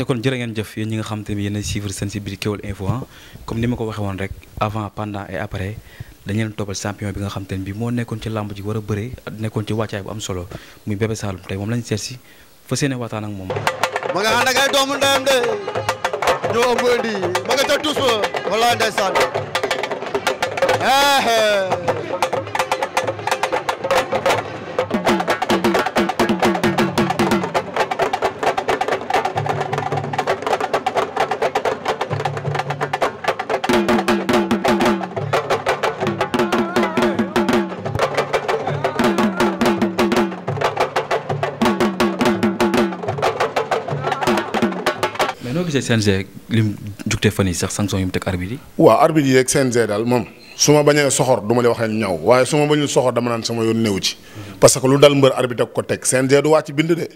acca kon jërë ngeen jëf yéen nga xam te ne yéen a suivre seen si ah. comme ni ma ko waxe woon rek avant pendant et après dañu leen toppal champion bi nga xam te ne bi moo nekkoon ci làmb ji war a bëre nekkoon ci wàccaay bu am solo muy Bébé Saloum tey moom lañ seet si fa seen waxtaan moom ma nga ànd ak ay doomu ndeyam de ñoo ëmb indi ma nga ca tus ba wala ndeysaan mais noo gisee CNG lim jugte fan yi sax sanction yu mu teg arbitre yi. waaw arbitre yi rek CNG daal moom su ma bañee soxor du ma leen wax leen ñaw waaye su ma bañul soxor dama naan sama yoon néew ci parce que lu dal mbër arbitre ko teg CNG du wàcc bind de.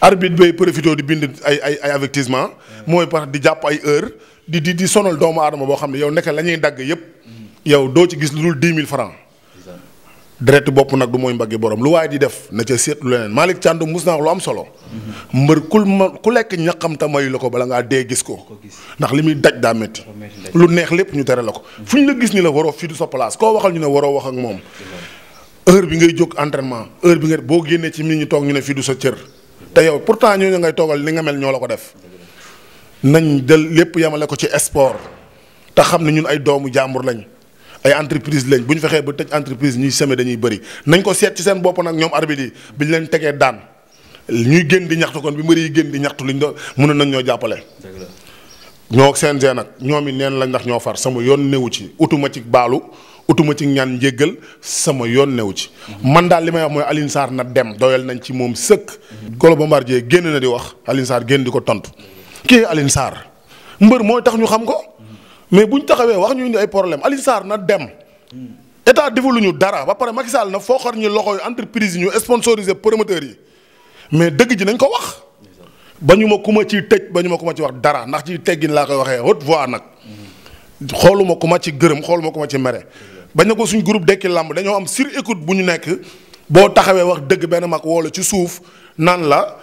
arbitre bay profité di bind ay ay ay avertissement mooy par di jàpp ay heure di di di sonal doomu aadama boo xam ne yow nekk la ñuy dagg yëpp yow doo ci gis lu dul dix mille francs deret bopp nag du mooy mbaggi borom lu waaye di def na ca seetlu leneen Malick Thiandoum mus naa lu am solo. mbër kul ma ku lekk ñaqam ta mayu la ko bala ngaa dee gis ko. ndax li muy daj daa métti. lu neex lépp ñu tere la ko. fu ñu la gis ni la waroo fii du sa place koo waxal ñu ne waroo wax ak moom. heure bi ngay jóg entraînement heure bi nga boo génnee ci nit ñu toog ñu ne fii du sa cër. te yow pourtant ñooñu ngay toogal li nga mel ñoo la ko def. nañ jël lépp yemale ko ci sport. te xam ne ñun ay doomu jàmbur lañ. ay entreprise lañ bu ñu fexee ba tëj entreprise ñuy semé dañuy bëri nañ ko seet ci seen bopp nag ñoom arbitre yi bi ñu leen tegee daan ñuy génn di ñaxtu kon bi mbëri yi génn di ñaxtu liñ doon mënoon nañ ñoo jàppale. ñoo ak CNG nag ñoom it neen lañ ndax ñoo far sama yoon newu ci utuma ci baalu utuma ci ñaan njégal sama yoon newu ci. man daal li may wax mooy Alioune Sarr na dem doyal nañ ci moom sëkk. Kolo Bombardier génn na di wax alinsaar génn di ko tontu kii Alioune mbër mooy tax ñu xam ko. mais buñ taxawee wax ñu indi ay problème Alioune Sarr na dem état ñu dara ba pare Macky Sall na foo ñu loxo yu entreprise yi ñu sponsorisé promoteurs yi mais dëgg ji nañ ko wax. ba ñu ma ku ma ci tëj ba ñu ma ku ma ci wax dara ndax ci teggin laa koy waxee haute voix nag xooluma ku ma ci gërëm xooluma ku ma ci mere. bañ na ko suñ groupe Dekki Lamb dañoo am sur écoute bu ñu nekk boo taxawee wax dëgg benn mag woo la ci suuf naan la.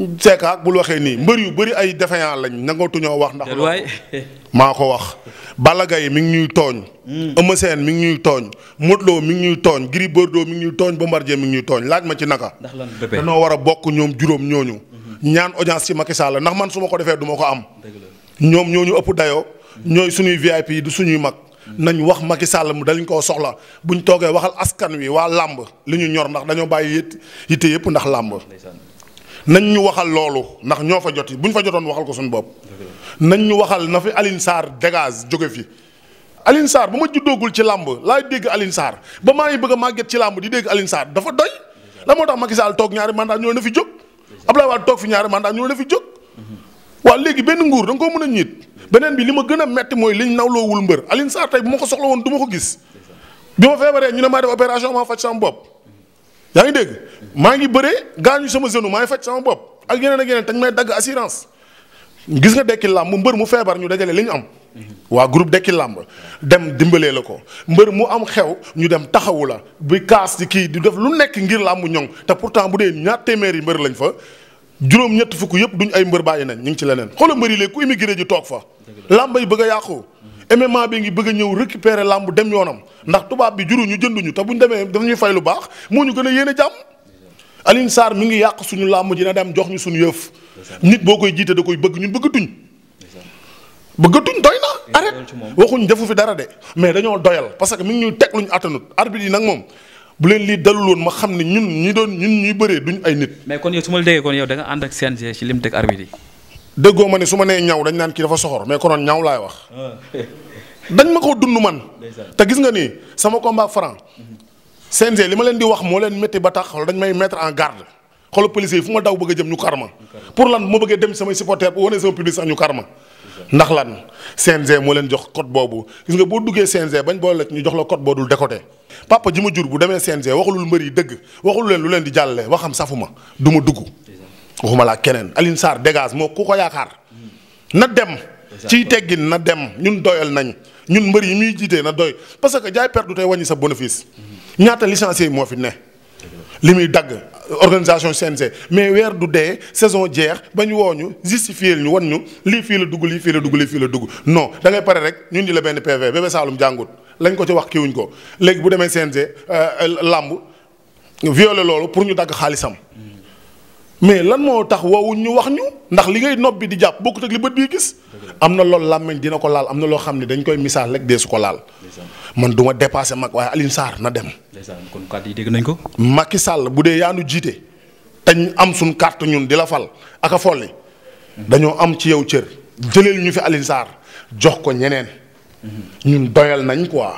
Seeka bul waxee nii mbër yu bëri ay défaillant lañ nangatuñoo wax ndax. maa ko wax. Balla yi mi ngi ñuy tooñ. Hmm. Eumeu seen mi ngi ñuy tooñ. Modou Lo mi ngi ñuy tooñ Gris Bordeaux mi ngi ñuy tooñ Bombardier mi ngi ñuy tooñ laaj ma ci naka. ndax lan danoo war a bokk ñoom juróom ñooñu. Hmm. ñaan audience ci Macky Sall ndax man su ma ko defee du ko am. ñoom ñooñu ëpp dayoo. Hmm. ñooy suñuy VIP yi du suñuy mag. nañ wax Macky Sall mu koo soxla buñ toogee waxal askan wi waa làmb li ñu ñor ndax dañoo bàyyi yitte yëpp ndax làmb nañ ñu waxal loolu ndax ñoo fa jot bu ñu fa jotoon waxal ko suñu bopp. nañ ñu waxal na fi Alioune Sarr dégage jóge fi. Alioune Sarr bu ma juddoogul ci làmb laay dégg Alioune Sarr ba maa ngi bëgg a màgget ci làmb di dégg alinsaar Sarr dafa doy. la moo tax Macky toog ñaari mandat ñoo na fi jóg. Abdoulaye Wade toog fi ñaari mandat ñoo na fi jóg. waa léegi benn nguur da nga koo mën a ñiit beneen bi li ma gën a metti mooy liñ nawloowul mbër Alioune Sarr tey bu ma ko soxla woon ma ko gis. bi ma feebaree ñu ne maa opération maa faj sama bopp yaa ngi dégg maa ngi bëree gaañu sama genou maa ngi faj sama bopp ak yeneen ak yeneen te may dagg assurance gis nga dekki làmb mbër mu feebar ñu dajale li ñu am. waa groupe dekki làmb dem dimbalee la ko mbër mu am xew ñu dem taxawu la bi kaas kii di def lu nekk ngir làmb ñoŋ te pourtant bu dee ñaar téeméer yi mbër lañ fa juróom ñett fukk yëpp duñ ay mbër bàyyi nañ ñu ngi ci leneen xoola mbër yi léegi ku immigré ji toog fa. làmba yi bëgg a yàqu. MMA bi ngi bëgg a ñëw récupérer làmb dem yoonam ndax tubaab bi juru ñu jënduñu te bu ñu demee ñuy fay lu baax moo ñu gën a yéene jàmm Alioune Sarr mi ngi yàq suñu làmb ji na dem jox ñu suñu yëf. nit boo koy jiite da koy bëgg ñun bëggatuñ. bëggatuñ doy na arrête waxuñ defu de mais dañoo doyal parce que mi ngi ñuy teg luñ attanut arbitre yi nag moom bu leen lii dalul woon ma xam ne ñun ñi doon ñun ñuy bëree duñ ay nit. mais kon yow su ma la kon yow da nga ànd ak CNG ci lim teg arbitre yi déggoo ma ne su ma nee ñaw dañ naan kii dafa soxor mais konoon ñaw laay wax. dañ ma ko dund man. te gis nga ni sama combat franc. CNG li ma leen di wax moo leen métti ba tax xool dañ may mettre en garde xoolu policier yi fu ma daw bëgg a jëm ñu kar ma pour lan ma bëggee dem samay supporter bu wane sama public sax ñu kar ma ndax lan CNG moo leen jox code boobu gis nga boo duggee CNG bañ boo boole ñu jox la code boo dul décoté ji ma jur bu demee CNG waxulul mbër yi dëgg waxul leen lu leen di jàllale waxam safuma du ma dugg. waxuma laa keneen Alioune Sarr dégage moo ku ko yaakaar na dem. ciy teggin na dem ñun doyal nañ ñun mbër yi ñuy jiitee na doy parce que jaay perte du tey wàññi sa bénéfice. Mhm. ñaata licencié moo fi ne. li muy dagg organisation CNG mais weer du dee saison jeex ba ñu woo ñu justifier ñu wan ñu lii fii la dugg lii fii la dugg lii fii la dugg no da ngay pare rek ñun di la benn PV Bébé Saloum jàngut lañ ko ci wax kiiwuñ ko léegi bu demee CNG euh, euh, làmb viole loolu pour ñu dagg xaalisam. mais lan moo tax woowuñ ñu wax ñu ndax li ngay nopp di jàpp bokkut ak li bët bii gis. am na lool làmmiñ dina ko laal am na loo xam ne dañ koy misaal rek dee su ko laal. man duma ma dépassé mag waaye Alioune Sarr na dem. kon kàddu yi dégg nañ ko. Macky Sall bu dee yaa nu jiite te am suñ carte ñun di la fal ak folli dañoo am ci yow cër jëleel ñu fi Alioune Sarr jox ko ñeneen. ñun doyal nañ quoi.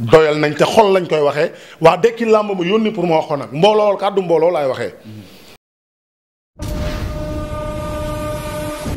doyal nañ te xol lañ koy waxee waa dekki làmb ma yónni pour ma wax ko nag mbooloo kàddu mbooloo laay waxee.